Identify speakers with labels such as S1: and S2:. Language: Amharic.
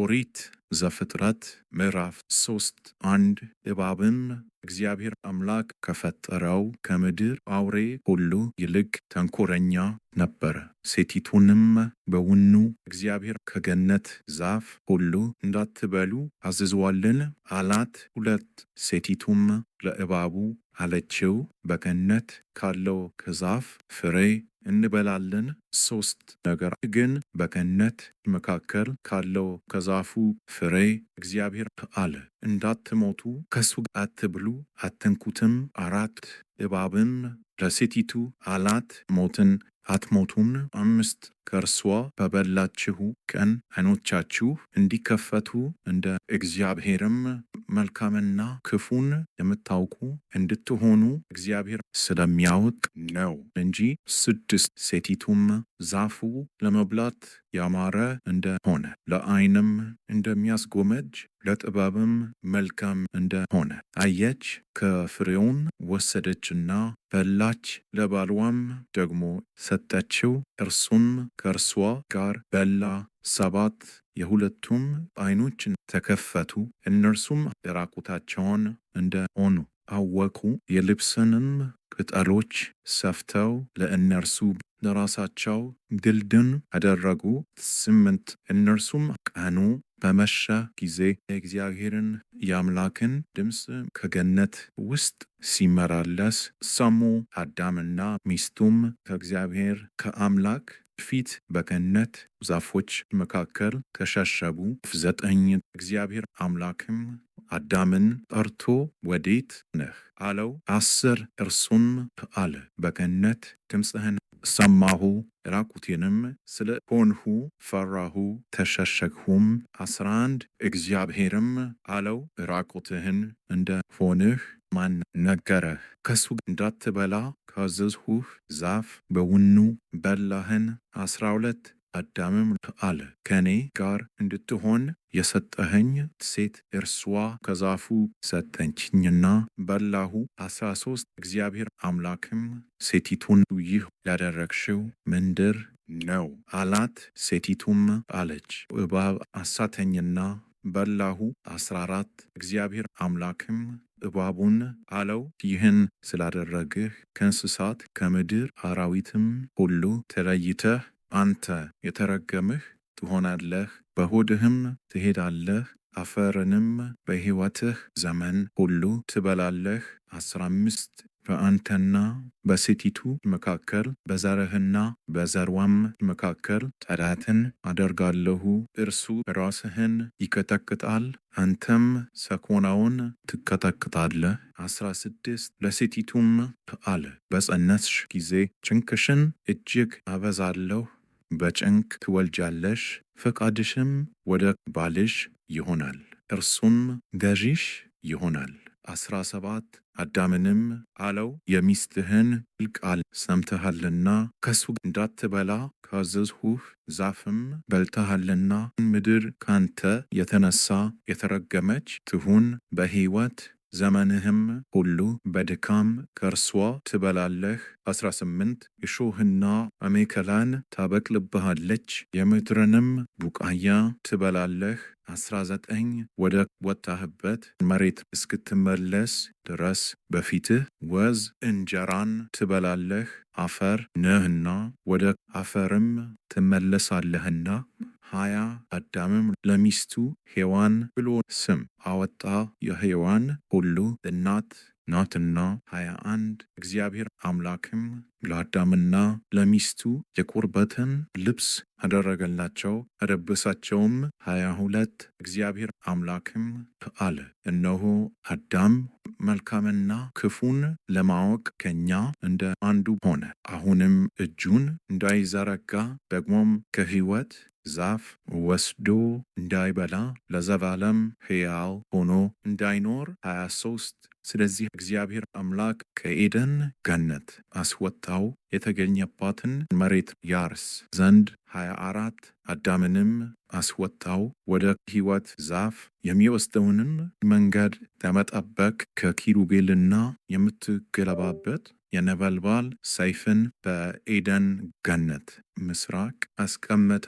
S1: ኦሪት ዘፍጥረት ምዕራፍ ሶስት አንድ እባብም እግዚአብሔር አምላክ ከፈጠረው ከምድር አውሬ ሁሉ ይልቅ ተንኮረኛ ነበረ። ሴቲቱንም በውኑ እግዚአብሔር ከገነት ዛፍ ሁሉ እንዳትበሉ አዝዟልን አላት። ሁለት ሴቲቱም ለእባቡ አለችው፣ በገነት ካለው ከዛፍ ፍሬ እንበላለን። ሶስት ነገር ግን በገነት መካከል ካለው ከዛፉ ፍሬ እግዚአብሔር አለ እንዳትሞቱ ከሱ አትብሉ አትንኩትም። አራት እባብም ለሴቲቱ አላት ሞትን አትሞቱም። አምስት ከእርሷ በበላችሁ ቀን ዓይኖቻችሁ እንዲከፈቱ እንደ እግዚአብሔርም መልካምና ክፉን የምታውቁ እንድትሆኑ እግዚአብሔር ስለሚያውቅ ነው እንጂ ስድስት ሴቲቱም ዛፉ ለመብላት ያማረ እንደሆነ ለዓይንም እንደሚያስጎመጅ ለጥበብም መልካም እንደሆነ አየች፣ ከፍሬውን ወሰደችና በላች፣ ለባልዋም ደግሞ ሰጠችው። እርሱም ከእርሷ ጋር በላ። ሰባት የሁለቱም ዓይኖች ተከፈቱ፣ እነርሱም ራቁታቸውን ሆኑ አወቁ። የልብስንም ቅጠሎች ሰፍተው ለእነርሱ ለራሳቸው ድልድን አደረጉ። ስምንት እነርሱም ቀኑ በመሸ ጊዜ የእግዚአብሔርን የአምላክን ድምፅ ከገነት ውስጥ ሲመላለስ ሰሙ። አዳምና ሚስቱም ከእግዚአብሔር ከአምላክ ፊት በገነት ዛፎች መካከል ተሻሸቡ። ዘጠኝ እግዚአብሔር አምላክም አዳምን ጠርቶ ወዴት ነህ አለው። አስር እርሱም አለ በገነት ድምፅህን ሰማሁ ራቁቴንም ስለ ሆንሁ ፈራሁ ተሸሸግሁም። አስራ አንድ እግዚአብሔርም አለው ራቁትህን እንደ ሆንህ ማን ነገረህ? ከሱ እንዳትበላ ካዘዝሁህ ዛፍ በውኑ በላህን? አስራ ሁለት አዳምም አለ ከእኔ ጋር እንድትሆን የሰጠኸኝ ሴት እርሷ ከዛፉ ሰጠችኝና በላሁ። አስራ ሶስት እግዚአብሔር አምላክም ሴቲቱን ይህ ያደረግሽው ምንድር ነው አላት። ሴቲቱም አለች እባብ አሳተኝና በላሁ። አስራ አራት እግዚአብሔር አምላክም እባቡን አለው ይህን ስላደረግህ ከእንስሳት ከምድር አራዊትም ሁሉ ተለይተህ አንተ የተረገምህ ትሆናለህ፣ በሆድህም ትሄዳለህ፣ አፈርንም በሕይወትህ ዘመን ሁሉ ትበላለህ። አስራ አምስት በአንተና በሴቲቱ መካከል በዘርህና በዘርዋም መካከል ጠላትን አደርጋለሁ። እርሱ ራስህን ይቀጠቅጣል፣ አንተም ሰኮናውን ትቀጠቅጣለህ። አስራ ስድስት ለሴቲቱም አለ፣ በጸነስሽ ጊዜ ጭንቅሽን እጅግ አበዛለሁ በጭንቅ ትወልጃለሽ፣ ፈቃድሽም ወደ ባልሽ ይሆናል፣ እርሱም ገዢሽ ይሆናል። አስራ ሰባት አዳምንም አለው የሚስትህን ቃል ሰምተሃልና ከሱ እንዳትበላ ካዘዝሁህ ዛፍም በልተሃልና ምድር ካንተ የተነሳ የተረገመች ትሁን በሕይወት ዘመንህም ሁሉ በድካም ከእርሷ ትበላለህ። 18 እሾህና አሜከላን ታበቅልብሃለች፣ የምድርንም ቡቃያ ትበላለህ። 19 ወደ ወጣህበት መሬት እስክትመለስ ድረስ በፊትህ ወዝ እንጀራን ትበላለህ፣ አፈር ነህና ወደ አፈርም ትመለሳለህና ሀያ አዳምም ለሚስቱ ሔዋን ብሎ ስም አወጣ። የሔዋን ሁሉ እናት ናትና። ሀያ አንድ እግዚአብሔር አምላክም ለአዳምና ለሚስቱ የቁርበትን ልብስ አደረገላቸው አደበሳቸውም። ሀያ ሁለት እግዚአብሔር አምላክም አለ፣ እነሆ አዳም መልካምና ክፉን ለማወቅ ከኛ እንደ አንዱ ሆነ፣ አሁንም እጁን እንዳይዘረጋ ደግሞም ከሕይወት ዛፍ ወስዶ እንዳይበላ ለዘላለም ሕያው ሆኖ እንዳይኖር 23 ስለዚህ እግዚአብሔር አምላክ ከኤደን ገነት አስወጣው የተገኘባትን መሬት ያርስ ዘንድ 24 አዳምንም አስወጣው ወደ ሕይወት ዛፍ የሚወስደውንም መንገድ ለመጠበቅ ከኪሩቤልና የምትገለባበት የነበልባል ሰይፍን በኤደን ገነት ምስራቅ አስቀመጠ።